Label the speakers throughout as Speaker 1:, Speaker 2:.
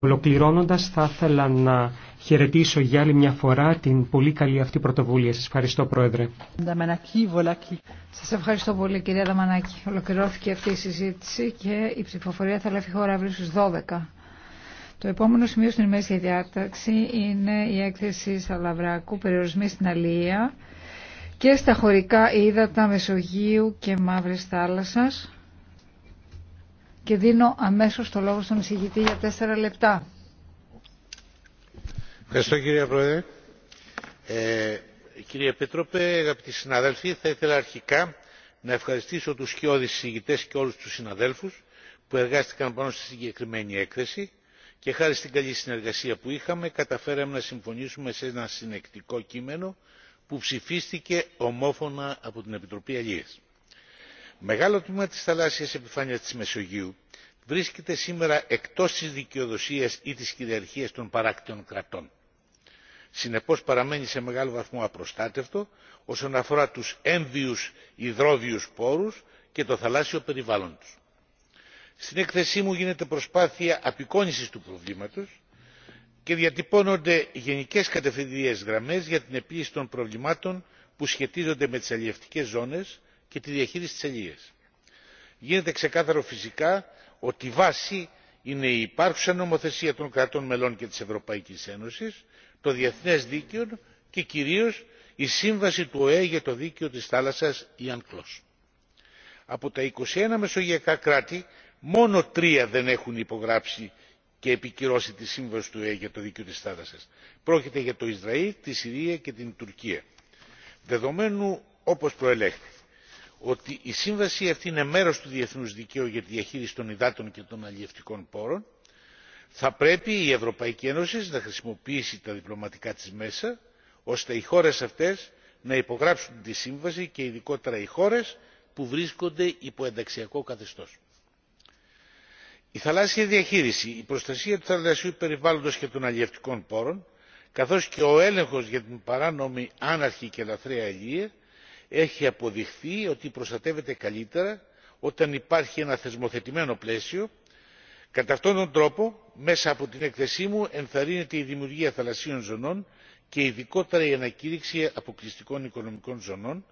Speaker 1: Ολοκληρώνοντας θα ήθελα να χαιρετήσω για άλλη μια φορά την πολύ καλή αυτή πρωτοβουλία. Σας ευχαριστώ Πρόεδρε.
Speaker 2: Σας ευχαριστώ πολύ κυρία Δαμανάκη. Ολοκληρώθηκε αυτή η συζήτηση και η ψηφοφορία θα λάβει χώρα αύριο στις 12. Το επόμενο σημείο στην ημέρα διάταξη είναι η έκθεση Σαλαβράκου περιορισμή στην Αλία και στα χωρικά ύδατα Μεσογείου και Μαύρης θάλασσα και δίνω αμέσως το λόγο στον εισηγητή για τέσσερα λεπτά.
Speaker 3: Ευχαριστώ κύριε Πρόεδρε. Ε, κύριε Επίτροπε, αγαπητοί συναδέλφοι, θα ήθελα αρχικά να ευχαριστήσω τους σκιώδεις εισηγητές και όλους τους συναδέλφους που εργάστηκαν πάνω στη συγκεκριμένη έκθεση και χάρη στην καλή συνεργασία που είχαμε καταφέραμε να συμφωνήσουμε σε ένα συνεκτικό κείμενο που ψηφίστηκε ομόφωνα από την Επιτροπή Αλίας μεγάλο τμήμα της θαλάσσιας επιφάνειας της μεσογείου βρίσκεται σήμερα εκτός της δικαιοδοσίας ή της κυριαρχίας των παράκτιων κρατών. συνεπώς παραμένει σε μεγάλο βαθμό απροστάτευτο όσον αφορά τους έμβιους υδρόβιους πόρους και το θαλάσσιο περιβάλλον τους. στην έκθεσή μου γίνεται προσπάθεια απεικόνησης του προβλήματος και διατυπώνονται γενικές κατευθυντήριες γραμμές για την επίλυση των προβλημάτων που σχετίζονται με τις αλλιευτικές ζώνες και τη διαχείριση της ελίας. Γίνεται ξεκάθαρο φυσικά ότι βάση είναι η υπάρχουσα νομοθεσία των κρατών μελών και της Ευρωπαϊκής Ένωσης, το διεθνές δίκαιο και κυρίως η σύμβαση του ΟΕΕ για το δίκαιο της θάλασσας η Ανκλός. Από τα 21 μεσογειακά κράτη μόνο τρία δεν έχουν υπογράψει και επικυρώσει τη σύμβαση του ΟΕΕ για το δίκαιο της θάλασσας. Πρόκειται για το Ισραήλ, τη Συρία και την Τουρκία. Δεδομένου όπως προελέχθη ότι η σύμβαση αυτή είναι μέρος του διεθνούς δικαίου για τη διαχείριση των υδάτων και των αλλιευτικών πόρων θα πρέπει η ευρωπαϊκή ένωση να χρησιμοποιήσει τα διπλωματικά της μέσα ώστε οι χώρες αυτές να υπογράψουν τη σύμβαση και ειδικότερα οι χώρες που βρίσκονται υπό ενταξιακό καθεστώς. Η θαλάσσια διαχείριση, η προστασία του θαλασσιού περιβάλλοντος και των αλλιευτικών πόρων καθώς και ο έλεγχος για την παράνομη άναρχη και λαθρέα αλληλεία έχει αποδειχθεί ότι προστατεύεται καλύτερα όταν υπάρχει ένα θεσμοθετημένο πλαίσιο. κατά αυτόν τον τρόπο μέσα από την έκθεσή μου ενθαρρύνεται η δημιουργία θαλασσίων ζωνών και ειδικότερα η ανακήρυξη αποκλειστικών οικονομικών ζωνών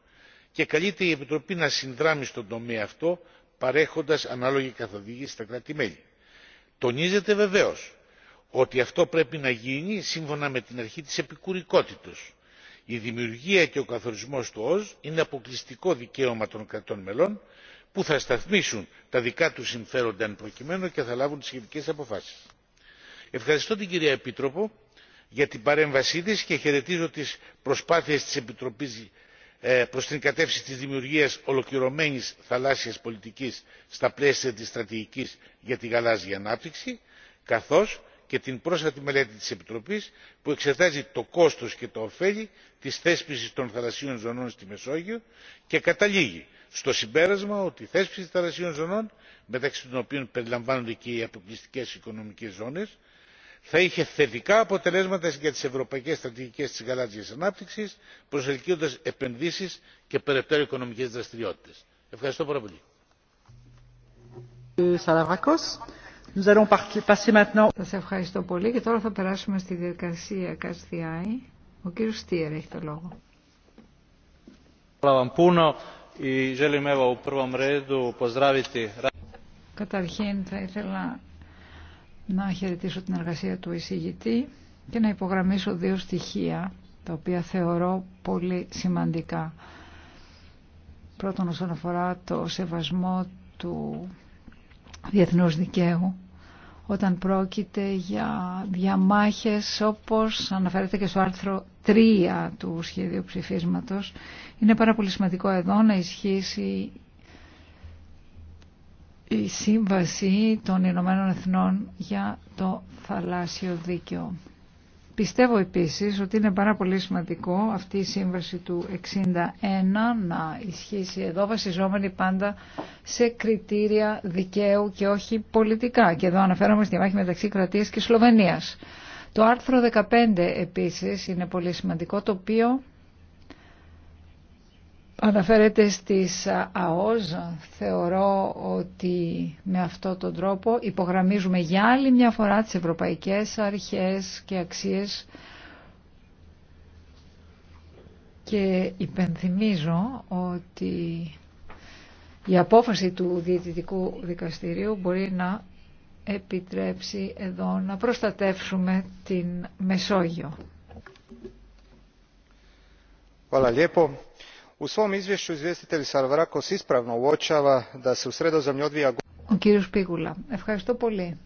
Speaker 3: και καλείται η επιτροπή να συνδράμει στον τομέα αυτό παρέχοντας ανάλογη καθοδήγηση στα κράτη μέλη. τονίζεται βεβαίως ότι αυτό πρέπει να γίνει σύμφωνα με την αρχή της επικουρικότητος η δημιουργία και ο καθορισμός του ΩΣ είναι αποκλειστικό δικαίωμα των κρατών μελών που θα σταθμίσουν τα δικά τους συμφέροντα εν προκειμένου και θα λάβουν τις σχετικές αποφάσεις. ευχαριστώ την κυρία επίτροπο για την παρέμβασή της και χαιρετίζω τις προσπάθειες της επιτροπής ε, προς την κατεύθυνση της δημιουργίας ολοκληρωμένης θαλάσσιας πολιτικής στα πλαίσια της στρατηγικής για τη γαλάζια ανάπτυξη καθώς και την πρόσφατη μελέτη της επιτροπής που εξετάζει το κόστος και το ωφέλη της θέσπισης των θαλασσίων ζωνών στη μεσόγειο και καταλήγει στο συμπέρασμα ότι η θέσπιση θαλασσίων ζωνών μεταξύ των οποίων περιλαμβάνονται και οι αποκλειστικές οικονομικές ζώνες θα είχε θετικά αποτελέσματα για τις ευρωπαϊκές στρατηγικές της γαλάζιας ανάπτυξης προσελκύοντας επενδύσεις και περαιτέρω οικονομικές δραστηριότητες. Ευχαριστώ πάρα πολύ.
Speaker 2: Ε, Nous Σας ευχαριστώ πολύ και τώρα θα περάσουμε στη διαδικασία Καστιάη. Ο κύριος Στίερ έχει το λόγο. Καταρχήν θα ήθελα να χαιρετήσω την εργασία του εισηγητή και να υπογραμμίσω δύο στοιχεία τα οποία θεωρώ πολύ σημαντικά. Πρώτον όσον αφορά το σεβασμό του διεθνούς δικαίου όταν πρόκειται για διαμάχες όπως αναφέρεται και στο άρθρο 3 του σχέδιου ψηφίσματος. Είναι πάρα πολύ σημαντικό εδώ να ισχύσει η Σύμβαση των Ηνωμένων Εθνών για το Θαλάσσιο Δίκαιο. Πιστεύω επίσης ότι είναι πάρα πολύ σημαντικό αυτή η σύμβαση του 61 να ισχύσει εδώ βασιζόμενη πάντα σε κριτήρια δικαίου και όχι πολιτικά. Και εδώ αναφέρομαι στη μάχη μεταξύ κρατίας και Σλοβενίας. Το άρθρο 15 επίσης είναι πολύ σημαντικό το οποίο αναφέρεται στις ΑΟΣ. θεωρώ ότι με αυτό τον τρόπο υπογραμμίζουμε για άλλη μια φορά τις ευρωπαϊκές αρχές και αξίες και υπενθυμίζω ότι η απόφαση του Διαιτητικού Δικαστηρίου μπορεί να επιτρέψει εδώ να προστατεύσουμε την Μεσόγειο. Hvala ο κύριος Πίγουλα, ευχαριστώ πολύ.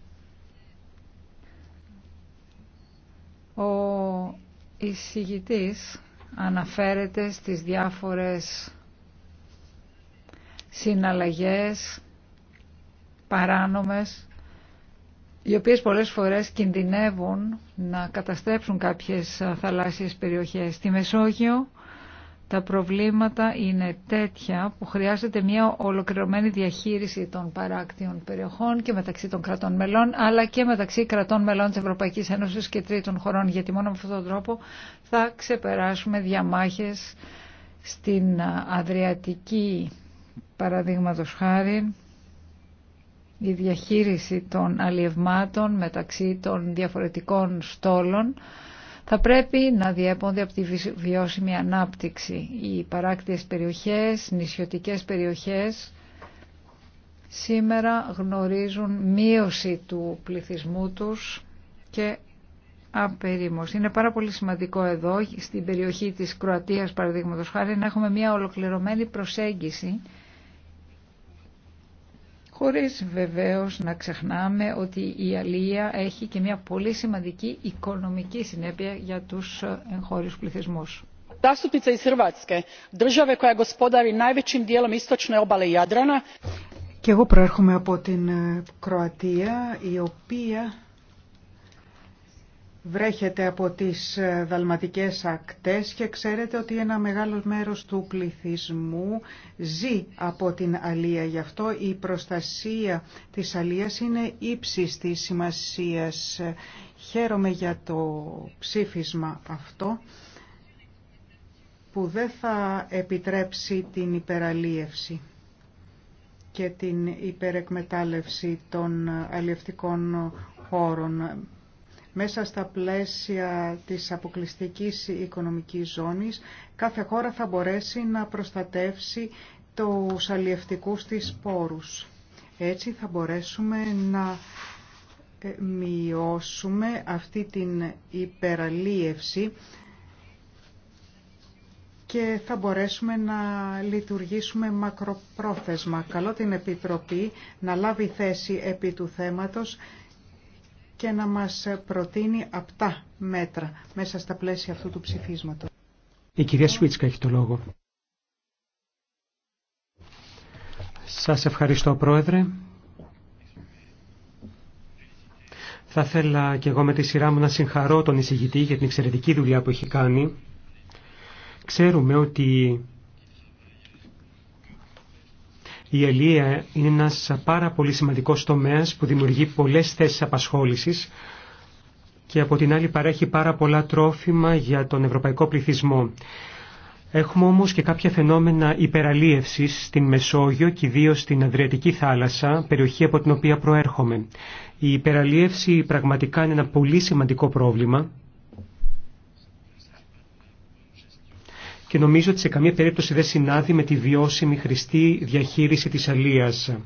Speaker 2: Ο εισηγητής αναφέρεται στις διάφορες συναλλαγές παράνομες οι οποίες πολλές φορές κινδυνεύουν να καταστρέψουν κάποιες θαλάσσιες περιοχές. Στη Μεσόγειο τα προβλήματα είναι τέτοια που χρειάζεται μια ολοκληρωμένη διαχείριση των παράκτιων περιοχών και μεταξύ των κρατών μελών, αλλά και μεταξύ κρατών μελών της Ευρωπαϊκής Ένωσης και τρίτων χωρών, γιατί μόνο με αυτόν τον τρόπο θα ξεπεράσουμε διαμάχες στην Αδριατική, παραδείγματο χάρη, η διαχείριση των αλλιευμάτων μεταξύ των διαφορετικών στόλων, θα πρέπει να διέπονται από τη βιώσιμη ανάπτυξη. Οι παράκτιες περιοχές, νησιωτικές περιοχές σήμερα γνωρίζουν μείωση του πληθυσμού τους και απερίμωση. Είναι πάρα πολύ σημαντικό εδώ στην περιοχή της Κροατίας παραδείγματος χάρη να έχουμε μια ολοκληρωμένη προσέγγιση χωρίς βεβαίως να ξεχνάμε ότι η αλία έχει και μια πολύ σημαντική οικονομική συνέπεια για τους ε, εγχώριους πληθυσμούς.
Speaker 4: Και εγώ προέρχομαι από την ε, Κροατία, η οποία Βρέχεται από τις ε, δαλματικές ακτές και ξέρετε ότι ένα μεγάλο μέρος του πληθυσμού ζει από την αλία. Γι' αυτό η προστασία της αλίας είναι ύψης της σημασίας. Χαίρομαι για το ψήφισμα αυτό που δεν θα επιτρέψει την υπεραλίευση και την υπερεκμετάλλευση των αλλιευτικών χώρων. Μέσα στα πλαίσια της αποκλειστικής οικονομικής ζώνης, κάθε χώρα θα μπορέσει να προστατεύσει τους αλλιευτικούς της πόρους. Έτσι θα μπορέσουμε να ε, μειώσουμε αυτή την υπεραλίευση και θα μπορέσουμε να λειτουργήσουμε μακροπρόθεσμα. Καλό την Επιτροπή να λάβει θέση επί του θέματος και να μας προτείνει απτά μέτρα μέσα στα πλαίσια αυτού του ψηφίσματος.
Speaker 1: Η κυρία Σουίτσκα έχει το λόγο. Σας ευχαριστώ Πρόεδρε. Θα ήθελα και εγώ με τη σειρά μου να συγχαρώ τον εισηγητή για την εξαιρετική δουλειά που έχει κάνει. Ξέρουμε ότι η Ελία είναι ένας πάρα πολύ σημαντικός τομέας που δημιουργεί πολλές θέσεις απασχόλησης και από την άλλη παρέχει πάρα πολλά τρόφιμα για τον ευρωπαϊκό πληθυσμό. Έχουμε όμως και κάποια φαινόμενα υπεραλίευσης στην Μεσόγειο και ιδίω στην Αδριατική θάλασσα, περιοχή από την οποία προέρχομαι. Η υπεραλίευση πραγματικά είναι ένα πολύ σημαντικό πρόβλημα και νομίζω ότι σε καμία περίπτωση δεν συνάδει με τη βιώσιμη χρηστή διαχείριση της αλίας.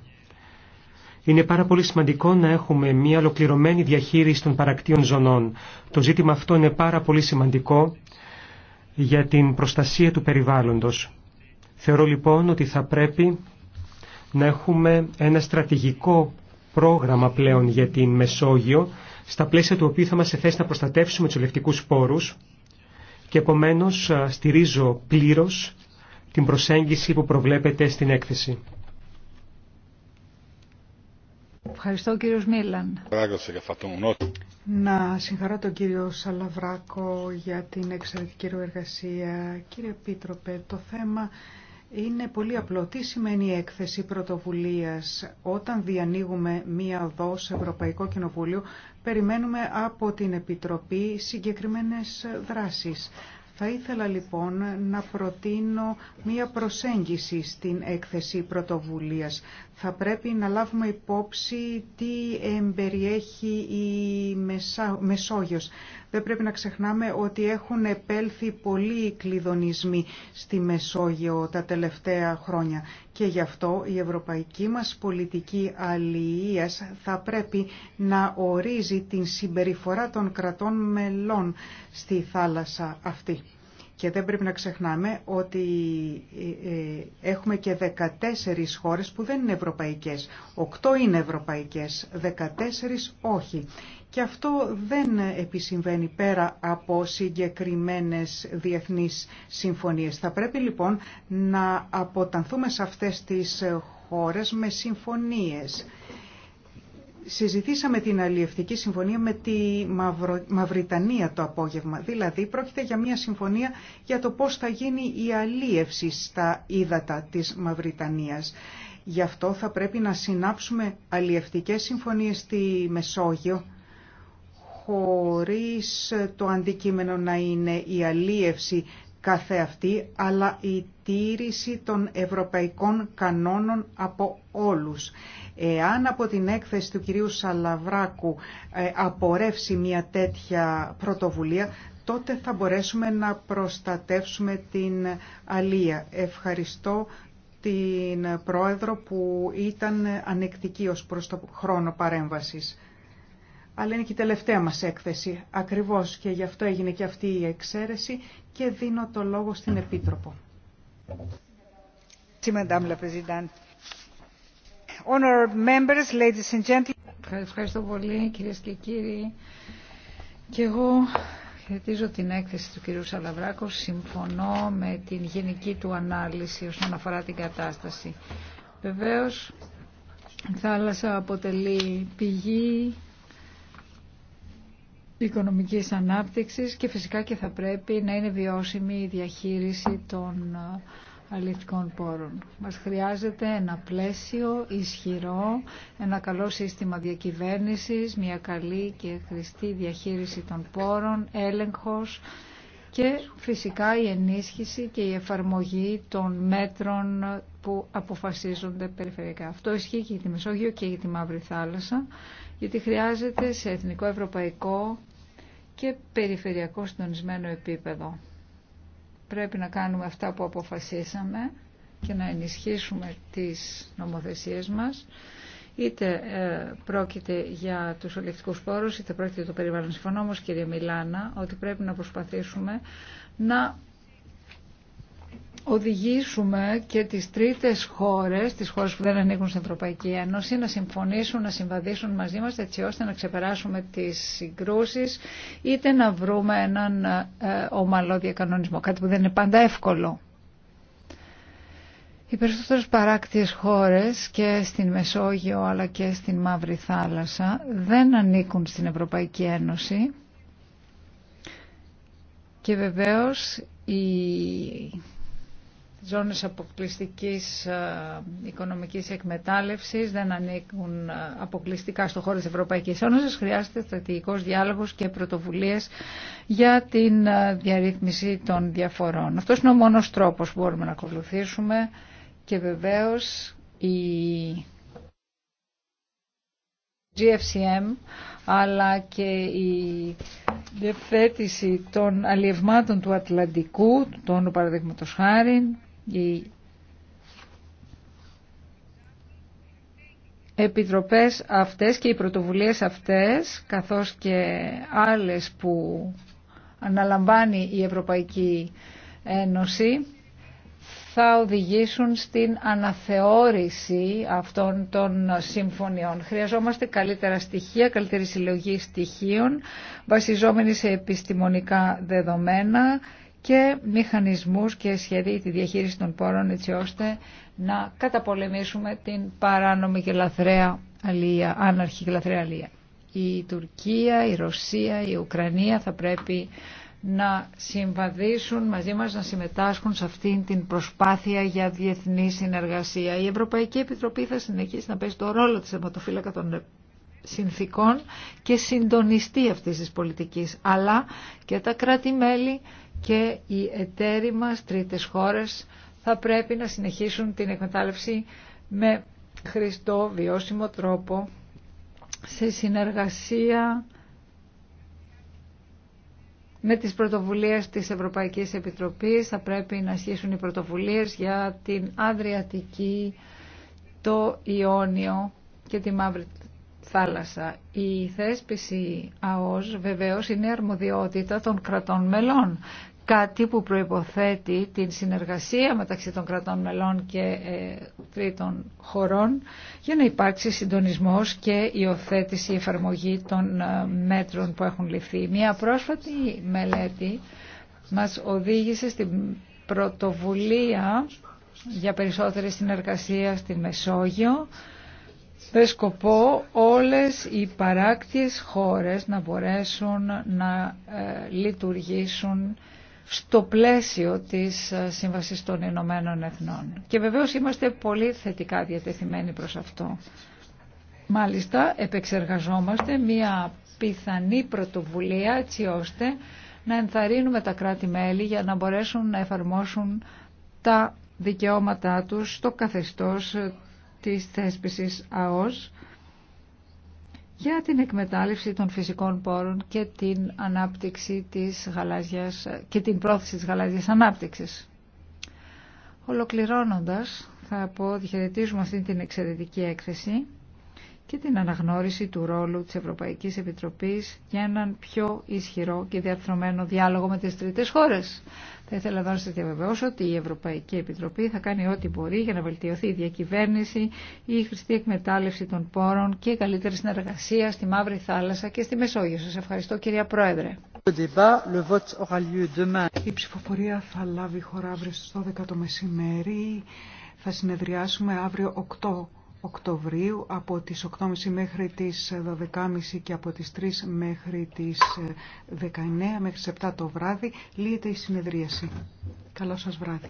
Speaker 1: Είναι πάρα πολύ σημαντικό να έχουμε μια ολοκληρωμένη διαχείριση των παρακτήων ζωνών. Το ζήτημα αυτό είναι πάρα πολύ σημαντικό για την προστασία του περιβάλλοντος. Θεωρώ λοιπόν ότι θα πρέπει να έχουμε ένα στρατηγικό πρόγραμμα πλέον για την Μεσόγειο, στα πλαίσια του οποίου θα μας σε να προστατεύσουμε τους ελευτικούς πόρους και επομένω στηρίζω πλήρω την προσέγγιση που προβλέπεται στην έκθεση.
Speaker 2: Ευχαριστώ κύριο Μίλαν.
Speaker 4: Να συγχαρώ τον κύριο Σαλαβράκο για την εξαιρετική εργασία. Κύριε Πίτροπε, το θέμα είναι πολύ απλό. Τι σημαίνει η έκθεση πρωτοβουλίας. Όταν διανοίγουμε μία δόση Ευρωπαϊκό Κοινοβούλιο, περιμένουμε από την Επιτροπή συγκεκριμένες δράσεις. Θα ήθελα λοιπόν να προτείνω μία προσέγγιση στην έκθεση πρωτοβουλίας. Θα πρέπει να λάβουμε υπόψη τι εμπεριέχει η Μεσόγειος. Δεν πρέπει να ξεχνάμε ότι έχουν επέλθει πολλοί κλειδονισμοί στη Μεσόγειο τα τελευταία χρόνια και γι' αυτό η ευρωπαϊκή μας πολιτική αλληλείας θα πρέπει να ορίζει την συμπεριφορά των κρατών μελών στη θάλασσα αυτή. Και δεν πρέπει να ξεχνάμε ότι ε, ε, έχουμε και 14 χώρες που δεν είναι ευρωπαϊκές. 8 είναι ευρωπαϊκές, 14 όχι. Και αυτό δεν επισυμβαίνει πέρα από συγκεκριμένες διεθνείς συμφωνίες. Θα πρέπει λοιπόν να αποτανθούμε σε αυτές τις χώρες με συμφωνίες. Συζητήσαμε την αλλιευτική συμφωνία με τη Μαυρο... Μαυριτανία το απόγευμα. Δηλαδή πρόκειται για μια συμφωνία για το πώς θα γίνει η αλλίευση στα ύδατα της Μαυριτανίας. Γι' αυτό θα πρέπει να συνάψουμε αλλιευτικές συμφωνίες στη Μεσόγειο χωρίς το αντικείμενο να είναι η αλίευση κάθε αυτή, αλλά η τήρηση των ευρωπαϊκών κανόνων από όλους. Εάν από την έκθεση του κυρίου Σαλαβράκου ε, απορρεύσει μια τέτοια πρωτοβουλία, τότε θα μπορέσουμε να προστατεύσουμε την αλία. Ευχαριστώ την Πρόεδρο που ήταν ανεκτική ως προς το χρόνο παρέμβασης αλλά είναι και η τελευταία μας έκθεση. Ακριβώς και γι' αυτό έγινε και αυτή η εξαίρεση και δίνω το λόγο στην Επίτροπο.
Speaker 2: Ευχαριστώ πολύ κυρίες και κύριοι. Και εγώ χαιρετίζω την έκθεση του κυρίου Σαλαβράκου. Συμφωνώ με την γενική του ανάλυση όσον αφορά την κατάσταση. Βεβαίως, η θάλασσα αποτελεί πηγή οικονομικής ανάπτυξης και φυσικά και θα πρέπει να είναι βιώσιμη η διαχείριση των ε, αληθικών πόρων. Μας χρειάζεται ένα πλαίσιο ισχυρό, ένα καλό σύστημα διακυβέρνησης, μια καλή και χρηστή διαχείριση των πόρων, έλεγχος και φυσικά η ενίσχυση και η εφαρμογή των μέτρων που αποφασίζονται περιφερειακά. Αυτό ισχύει και για τη Μεσόγειο και για τη Μαύρη Θάλασσα, γιατί χρειάζεται σε εθνικό, ευρωπαϊκό και περιφερειακό συντονισμένο επίπεδο. Πρέπει να κάνουμε αυτά που αποφασίσαμε και να ενισχύσουμε τις νομοθεσίες μας είτε ε, πρόκειται για τους ολιεκτικούς πόρους είτε πρόκειται για το περιβάλλον. Συμφωνώ όμως κύριε Μιλάνα ότι πρέπει να προσπαθήσουμε να οδηγήσουμε και τις τρίτες χώρες, τις χώρες που δεν ανήκουν στην Ευρωπαϊκή Ένωση, να συμφωνήσουν, να συμβαδίσουν μαζί μας έτσι ώστε να ξεπεράσουμε τις συγκρούσεις είτε να βρούμε έναν ε, ομαλό διακανονισμό, κάτι που δεν είναι πάντα εύκολο. Οι περισσότερες παράκτιες χώρες και στην Μεσόγειο αλλά και στην Μαύρη Θάλασσα δεν ανήκουν στην Ευρωπαϊκή Ένωση και βεβαίως η ζώνες αποκλειστικής ε, οικονομικής εκμετάλλευσης δεν ανήκουν ε, αποκλειστικά στο χώρο της Ευρωπαϊκής Ένωσης. Χρειάζεται στρατηγικός διάλογος και πρωτοβουλίες για την ε, διαρρύθμιση των διαφορών. Αυτός είναι ο μόνος τρόπος που μπορούμε να ακολουθήσουμε και βεβαίως η GFCM αλλά και η διευθέτηση των αλλιευμάτων του Ατλαντικού, του τόνου παραδείγματος χάρη, οι επιτροπές αυτές και οι πρωτοβουλίες αυτές, καθώς και άλλες που αναλαμβάνει η Ευρωπαϊκή Ένωση, θα οδηγήσουν στην αναθεώρηση αυτών των συμφωνιών. Χρειαζόμαστε καλύτερα στοιχεία, καλύτερη συλλογή στοιχείων, βασιζόμενη σε επιστημονικά δεδομένα και μηχανισμούς και σχέδια τη διαχείριση των πόρων έτσι ώστε να καταπολεμήσουμε την παράνομη και λαθρέα αλία, άναρχη και λαθρέα αλία. Η Τουρκία, η Ρωσία, η Ουκρανία θα πρέπει να συμβαδίσουν μαζί μας, να συμμετάσχουν σε αυτήν την προσπάθεια για διεθνή συνεργασία. Η Ευρωπαϊκή Επιτροπή θα συνεχίσει να παίζει το ρόλο της αιματοφύλακα των συνθήκων και συντονιστή αυτής της πολιτικής, αλλά και τα κράτη-μέλη και οι εταίροι μας τρίτες χώρες θα πρέπει να συνεχίσουν την εκμετάλλευση με χρηστό βιώσιμο τρόπο σε συνεργασία με τις πρωτοβουλίες της Ευρωπαϊκής Επιτροπής θα πρέπει να ασχίσουν οι πρωτοβουλίες για την Αδριατική, το Ιόνιο και τη Μαύρη θάλασσα. Η θέσπιση ΑΟΣ βεβαίως είναι αρμοδιότητα των κρατών μελών. Κάτι που προϋποθέτει την συνεργασία μεταξύ των κρατών μελών και ε, τρίτων χωρών για να υπάρξει συντονισμός και υιοθέτηση, εφαρμογή των ε, μέτρων που έχουν ληφθεί. Μια πρόσφατη μελέτη μας οδήγησε στην πρωτοβουλία για περισσότερη συνεργασία στη Μεσόγειο με σκοπό όλες οι παράκτιες χώρες να μπορέσουν να ε, λειτουργήσουν στο πλαίσιο της ε, Σύμβασης των Ηνωμένων Εθνών. Και βεβαίως είμαστε πολύ θετικά διατεθειμένοι προς αυτό. Μάλιστα, επεξεργαζόμαστε μία πιθανή πρωτοβουλία έτσι ώστε να ενθαρρύνουμε τα κράτη-μέλη για να μπορέσουν να εφαρμόσουν τα δικαιώματά τους στο καθεστώς της θέσπισης ΑΟΣ για την εκμετάλλευση των φυσικών πόρων και την ανάπτυξη της γαλάζιας και την πρόθεση της γαλάζιας ανάπτυξης. Ολοκληρώνοντας, θα πω αυτή την εξαιρετική έκθεση και την αναγνώριση του ρόλου της Ευρωπαϊκής Επιτροπής για έναν πιο ισχυρό και διαρθρωμένο διάλογο με τις τρίτες χώρες. Θα ήθελα εδώ να σας διαβεβαιώσω ότι η Ευρωπαϊκή Επιτροπή θα κάνει ό,τι μπορεί για να βελτιωθεί η διακυβέρνηση, η χρηστή εκμετάλλευση των πόρων και η καλύτερη συνεργασία στη Μαύρη Θάλασσα και στη Μεσόγειο. Σας ευχαριστώ κυρία Πρόεδρε.
Speaker 4: Η ψηφοφορία θα λάβει χώρα αύριο στις 12 το μεσημέρι. Θα συνεδριάσουμε αύριο 8 Οκτωβρίου από τις 8.30 μέχρι τις 12.30 και από τις 3 μέχρι τις
Speaker 2: 19 ε, μέχρι τις 7 το βράδυ λύεται η συνεδρίαση. Καλό σας βράδυ.